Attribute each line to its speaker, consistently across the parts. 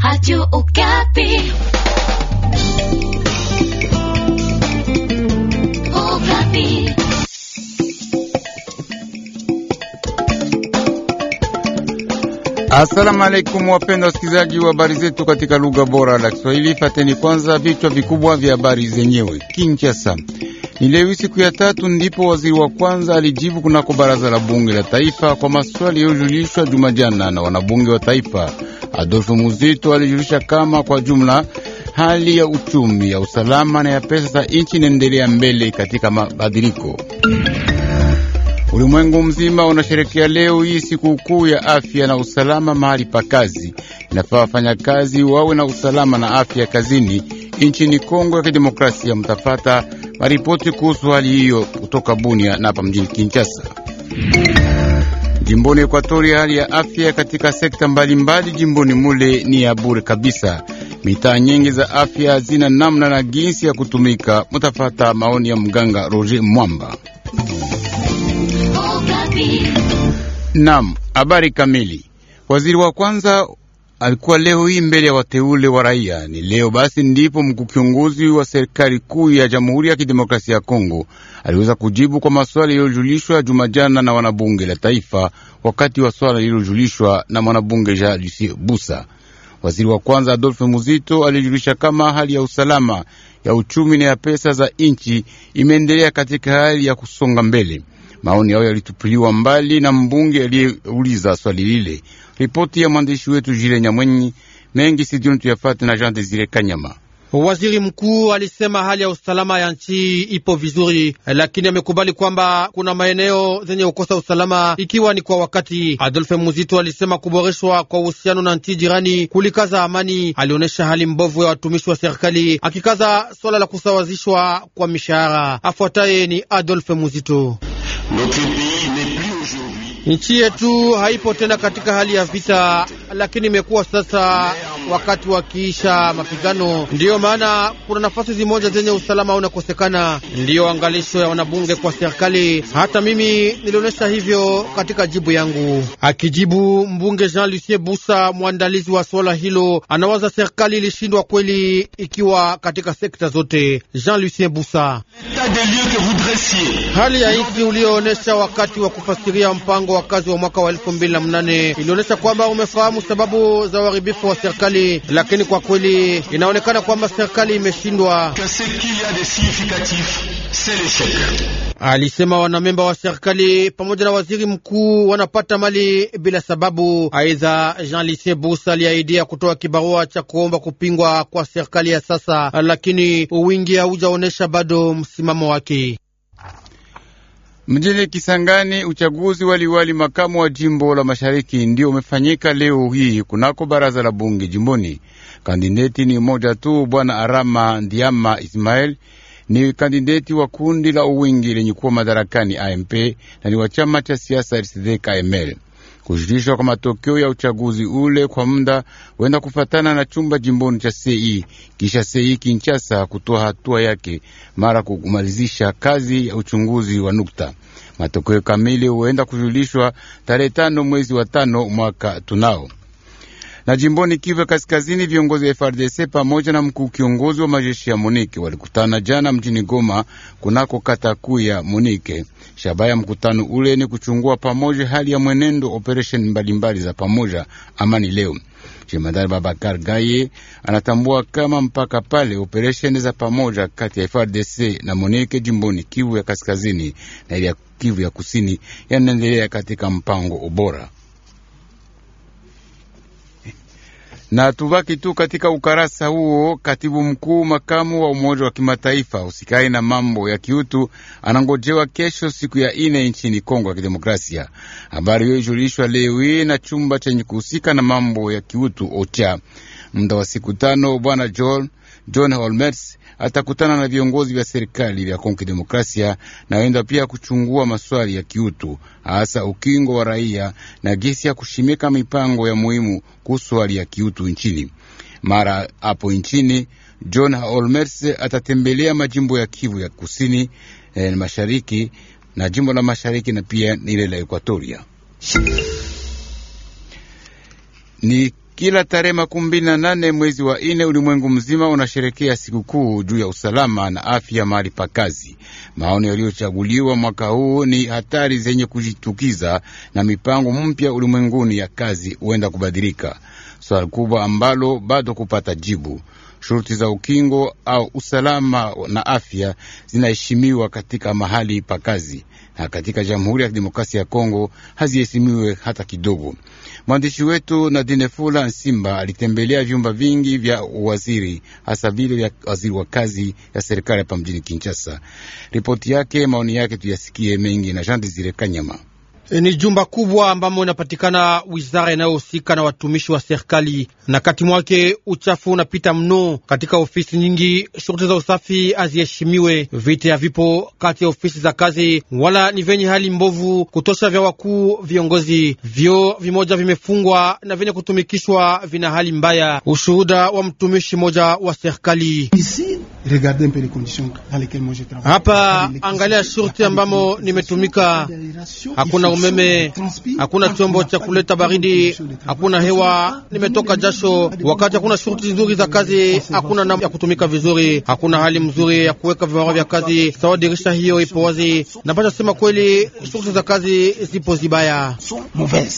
Speaker 1: Radio Okapi.
Speaker 2: Asalamu alaikum wapenda wasikilizaji wa habari zetu katika lugha bora la Kiswahili. Fateni kwanza vichwa vikubwa vya habari zenyewe. Kinshasa ni leo siku ya tatu ndipo waziri wa kwanza alijibu kunako baraza la bunge la taifa kwa maswali yaliyojulishwa jumajana na wanabunge wa taifa. Adolfo Muzito alijulisha kama kwa jumla hali ya uchumi, ya usalama na ya pesa za nchi inaendelea mbele katika mabadiliko Ulimwengu mzima unasherekea leo hii sikukuu ya afya na usalama mahali pa kazi. Inafaa wafanyakazi wawe na usalama na afya kazini. Nchini Kongo ya Kidemokrasia, mtafata maripoti kuhusu hali hiyo kutoka Bunia na hapa mjini Kinshasa. Jimboni Ekuatoria, hali ya afya katika sekta mbalimbali jimboni mule ni ya bure kabisa. Mitaa nyingi za afya hazina namna na jinsi ya kutumika. Mutafata maoni ya mganga Roger Mwamba. Naam, habari kamili. Waziri wa kwanza alikuwa leo hii mbele ya wateule wa raia. Ni leo basi ndipo mkuu kiongozi wa serikali kuu ya Jamhuri ya Kidemokrasia ya Kongo aliweza kujibu kwa maswali yaliyojulishwa Jumajana na wanabunge la taifa, wakati wa swala lililojulishwa na mwanabunge Jadisi Busa. Waziri wa kwanza Adolphe Muzito alijulisha kama hali ya usalama ya uchumi na ya pesa za nchi imeendelea katika hali ya kusonga mbele. Maoni hayo yalitupiliwa mbali na mbunge aliyeuliza swali lile. Ripoti ya mwandishi wetu Jile Nyamwenyi mengi Sidioni tuyafate na Jean Desire Kanyama. Waziri mkuu
Speaker 3: alisema hali ya usalama ya nchi ipo vizuri, lakini amekubali kwamba kuna maeneo zenye kukosa usalama, ikiwa ni kwa wakati. Adolfe Muzito alisema kuboreshwa kwa uhusiano na nchi jirani kulikaza amani. Alionyesha hali mbovu ya watumishi wa serikali, akikaza swala la kusawazishwa kwa mishahara. Afuataye ni Adolfe Muzito. Nchi yetu haipo tena katika hali ya vita, lakini imekuwa sasa wakati wakiisha mapigano. Ndiyo maana kuna nafasi zimoja zenye usalama unakosekana, ndiyo angalisho ya wanabunge kwa serikali. Hata mimi nilionyesha hivyo katika jibu yangu. Akijibu mbunge Jean lucien Busa, mwandalizi wa swala hilo, anawaza serikali ilishindwa kweli, ikiwa katika sekta zote. Jean Lucien Busa, hali ya nchi uliyoonesha wakati wa kufasiria mpango wa kazi wa mwaka wa elfu mbili na mnane ilionyesha kwamba umefahamu sababu za uharibifu wa serikali mbili, lakini kwa kweli inaonekana kwamba serikali imeshindwa, alisema. Wanamemba wa serikali pamoja na waziri mkuu wanapata mali bila sababu. Aidha, Jean Lise Busa aliahidia kutoa kibarua cha kuomba kupingwa kwa serikali ya sasa, lakini wingi haujaonyesha bado msimamo wake.
Speaker 2: Mjini Kisangani, uchaguzi waliwali wali makamu wa jimbo la mashariki ndio umefanyika leo hii kunako baraza la bunge jimboni. Kandideti ni mmoja tu, bwana Arama Ndiama ismael ni kandideti wa kundi la uwingi lenye kuwa madarakani AMP na ni wa chama cha siasa RCD KML. Kujulishwa kwa matokeo ya uchaguzi ule kwa muda wenda kufatana na chumba jimboni cha CEI, kisha CEI Kinshasa kutoa hatua yake mara kumalizisha kazi ya uchunguzi wa nukta. Matokeo kamili huenda kujulishwa tarehe tano mwezi wa tano mwaka tunao na jimboni Kivu ya Kaskazini, viongozi wa FRDC pamoja na mkuu kiongozi wa majeshi ya Munike walikutana jana mjini Goma kunako kata kuu ya Munike. Shabaha ya mkutano ule ni kuchungua pamoja hali ya mwenendo operesheni mbalimbali za pamoja amani leo. Jemadari Babakar Gaye anatambua kama mpaka pale operesheni za pamoja kati ya FRDC na Monike jimboni Kivu ya Kaskazini na ile ya Kivu ya Kusini yanaendelea katika mpango ubora Na tubaki tu katika ukarasa huo, katibu mkuu makamu wa Umoja wa Kimataifa usikai na mambo ya kiutu anangojewa kesho siku ya ine nchini Kongo ya Kidemokrasia. Habari hiyo ijulishwa leo hii na chumba chenye kuhusika na mambo ya kiutu OCHA. Muda wa siku tano, bwana John John Holmes atakutana na viongozi vya serikali vya Kongo Kidemokrasia na wenda pia kuchungua maswali ya kiutu, hasa ukingo wa raia na gesi ya kushimika mipango ya muhimu kuhusu hali ya kiutu nchini. Mara hapo nchini, John Olmers atatembelea majimbo ya Kivu ya kusini eh, mashariki na jimbo la mashariki na pia ile la Ekuatoria ni kila tarehe makumi mbili na nane mwezi wa ine ulimwengu mzima unasherekea sikukuu juu ya usalama na afya mahali pa kazi. Maono yaliyochaguliwa mwaka huu ni hatari zenye kujitukiza na mipango mpya ulimwenguni ya kazi huenda kubadilika, swali kubwa ambalo bado kupata jibu shuruti za ukingo au usalama na afya zinaheshimiwa katika mahali pa kazi, na katika Jamhuri ya Kidemokrasia ya Kongo haziheshimiwe hata kidogo. Mwandishi wetu Nadine Fula Nsimba alitembelea vyumba vingi vya uwaziri, hasa vile vya waziri wa kazi ya serikali hapa mjini Kinshasa. Ripoti yake, maoni yake tuyasikie mengi na Jean Desire Kanyama. E, ni
Speaker 3: jumba kubwa ambamo inapatikana wizara inayohusika na watumishi wa serikali, na kati mwake uchafu unapita mno. Katika ofisi nyingi, shurti za usafi haziheshimiwe, viti havipo kati ya ofisi za kazi, wala ni vyenye hali mbovu kutosha vya wakuu viongozi. Vyoo vimoja vimefungwa na vyenye kutumikishwa vina hali mbaya. Ushuhuda wa mtumishi mmoja wa serikali hapa angalia shurti ambamo nimetumika. Hakuna umeme, hakuna chombo cha kuleta baridi, hakuna hewa, nimetoka jasho. Wakati hakuna shurti nzuri za kazi, hakuna namna ya kutumika vizuri, hakuna hali mzuri ya kuweka vibarua vya kazi sawa. Dirisha hiyo ipo wazi. Napasha sema kweli, shurti za kazi zipo zibaya.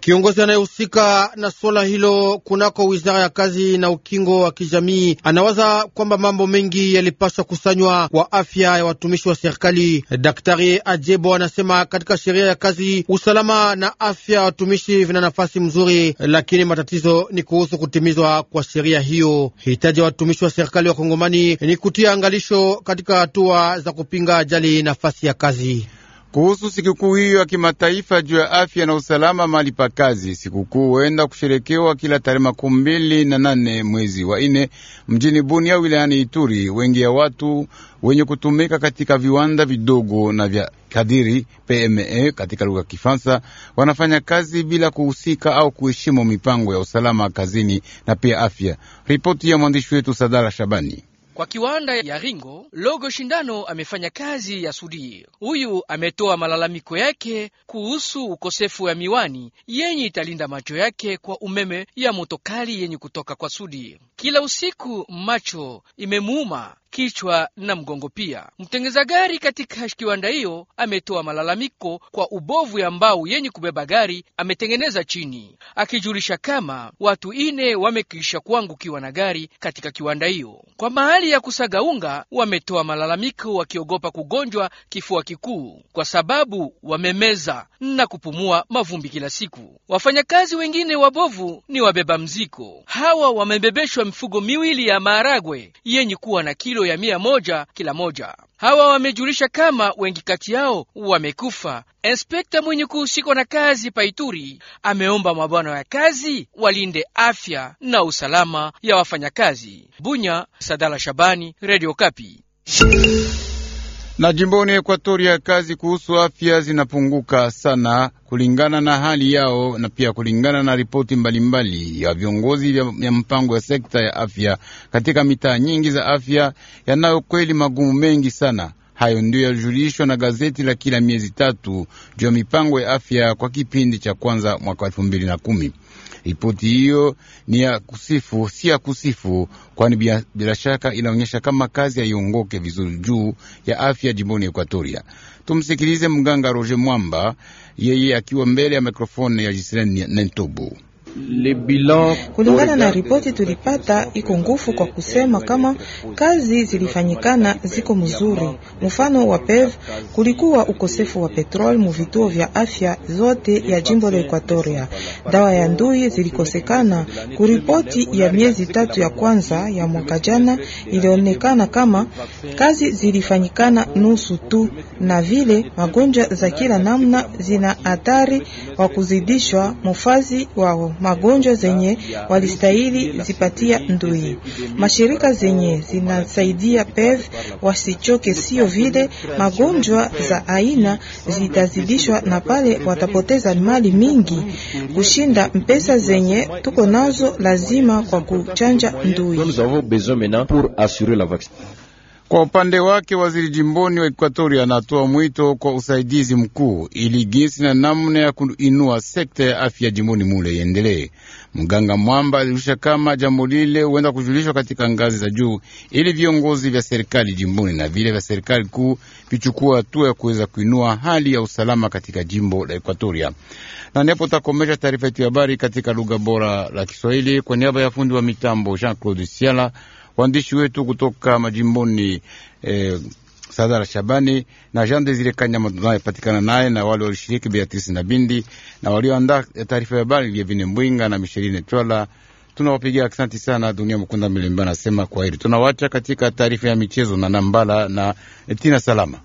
Speaker 3: Kiongozi anayehusika na swala hilo kunako wizara ya kazi na ukingo wa kijamii anawaza kwamba mambo mengi yalipaswa kusanywa kwa afya ya watumishi wa serikali. Daktari Ajebo anasema katika sheria ya kazi usalama na afya ya watumishi vina nafasi mzuri, lakini matatizo ni kuhusu kutimizwa kwa sheria hiyo. Hitaji ya watumishi wa serikali wa kongomani ni kutia angalisho katika hatua za kupinga ajali nafasi ya kazi
Speaker 2: kuhusu sikukuu hiyo ya kimataifa juu ya afya na usalama mahali pa kazi. Sikukuu huenda kusherekewa kila tarehe makumi mbili na nane mwezi wa ine mjini Bunia wilayani Ituri. Wengi ya watu wenye kutumika katika viwanda vidogo na vya kadiri PME katika lugha ya Kifaransa wanafanya kazi bila kuhusika au kuheshimu mipango ya usalama kazini na pia afya. Ripoti ya mwandishi wetu Sadara Shabani.
Speaker 1: Kwa kiwanda ya Ringo Logo Shindano amefanya kazi ya sudi. Huyu ametoa malalamiko yake kuhusu ukosefu ya miwani yenye italinda macho yake kwa umeme ya motokali yenye kutoka kwa sudi. Kila usiku macho imemuuma kichwa na mgongo pia. Mtengeza gari katika kiwanda hiyo ametoa malalamiko kwa ubovu ya mbao yenye kubeba gari ametengeneza chini, akijulisha kama watu ine wamekisha kuangukiwa na gari katika kiwanda hiyo. Kwa mahali ya kusaga unga, wametoa malalamiko wakiogopa kugonjwa kifua kikuu kwa sababu wamemeza na kupumua mavumbi kila siku. Wafanyakazi wengine wabovu ni wabeba mziko, hawa wamebebeshwa mifugo miwili ya maharagwe yenye kuwa na kilo hiyo ya mia moja kila moja. Hawa wamejulisha kama wengi kati yao wamekufa. Inspekta mwenye kuhusikwa na kazi paituri ameomba mabwana ya kazi walinde afya na usalama ya wafanyakazi. Bunya, Sadala Shabani, Radio Kapi.
Speaker 2: Na jimboni Ekuatoria, kazi kuhusu afya zinapunguka sana kulingana na hali yao na pia kulingana na ripoti mbalimbali ya viongozi vya mpango ya sekta ya afya katika mitaa nyingi za afya yanayo kweli magumu mengi sana. Hayo ndio yalijulishwa na gazeti la kila miezi tatu juu ya mipango ya afya kwa kipindi cha kwanza mwaka elfu mbili na kumi. Ripoti hiyo ni ya kusifu, si ya kusifu, kwani bila shaka inaonyesha kama kazi haiongoke vizuri juu ya afya jimboni Ekuatoria. Tumsikilize mganga Roger Mwamba, yeye akiwa mbele ya mikrofoni ya Jiseleni nentobu Kulingana na
Speaker 1: ripoti tulipata, iko ngufu kwa kusema kama kazi zilifanyikana ziko mzuri. Mfano wa PEV, kulikuwa ukosefu wa petroli vituo vya afya zote ya jimbo la Ekuatoria, dawa ya ndui zilikosekana. Kuripoti ya miezi tatu ya kwanza ya mwaka jana ilionekana kama kazi zilifanyikana nusu tu, na vile magonjwa za kila namna zina hatari wa kuzidishwa mufazi wao magonjwa zenye walistahili zipatia ndui. Mashirika zenye zinasaidia PEV wasichoke, sio vile magonjwa za aina zitazidishwa na pale watapoteza mali mingi kushinda mpesa zenye tuko nazo lazima kwa kuchanja
Speaker 2: ndui. Kwa upande wake waziri jimboni wa Ekuatoria anatoa mwito kwa usaidizi mkuu ili jinsi na namna ya kuinua sekta ya afya jimboni mule iendelee. Mganga Mwamba alirusha kama jambo lile huenda kujulishwa katika ngazi za juu ili viongozi vya serikali jimboni na vile vya serikali kuu vichukua hatua ya kuweza kuinua hali ya usalama katika jimbo la Ekuatoria. Na nepo takomesha taarifa yetu ya habari katika lugha bora la Kiswahili kwa niaba ya fundi wa mitambo Jean Claude Siala. Waandishi wetu kutoka majimboni eh, Sadara Shabani na Jean Desire Kanyama tunayepatikana naye na wale walishiriki Beatrice na Bindi na walioandaa eh, taarifa ya habari Lievine Mbwinga na Misheline Twala. Tunawapigia asanti sana. Dunia Mkunda Milemba anasema kwa heri. tunawacha katika taarifa ya michezo na Nambala na eh, Tina Salama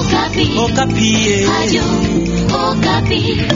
Speaker 1: Okapi. Okapi. Eh. Ayo, Okapi.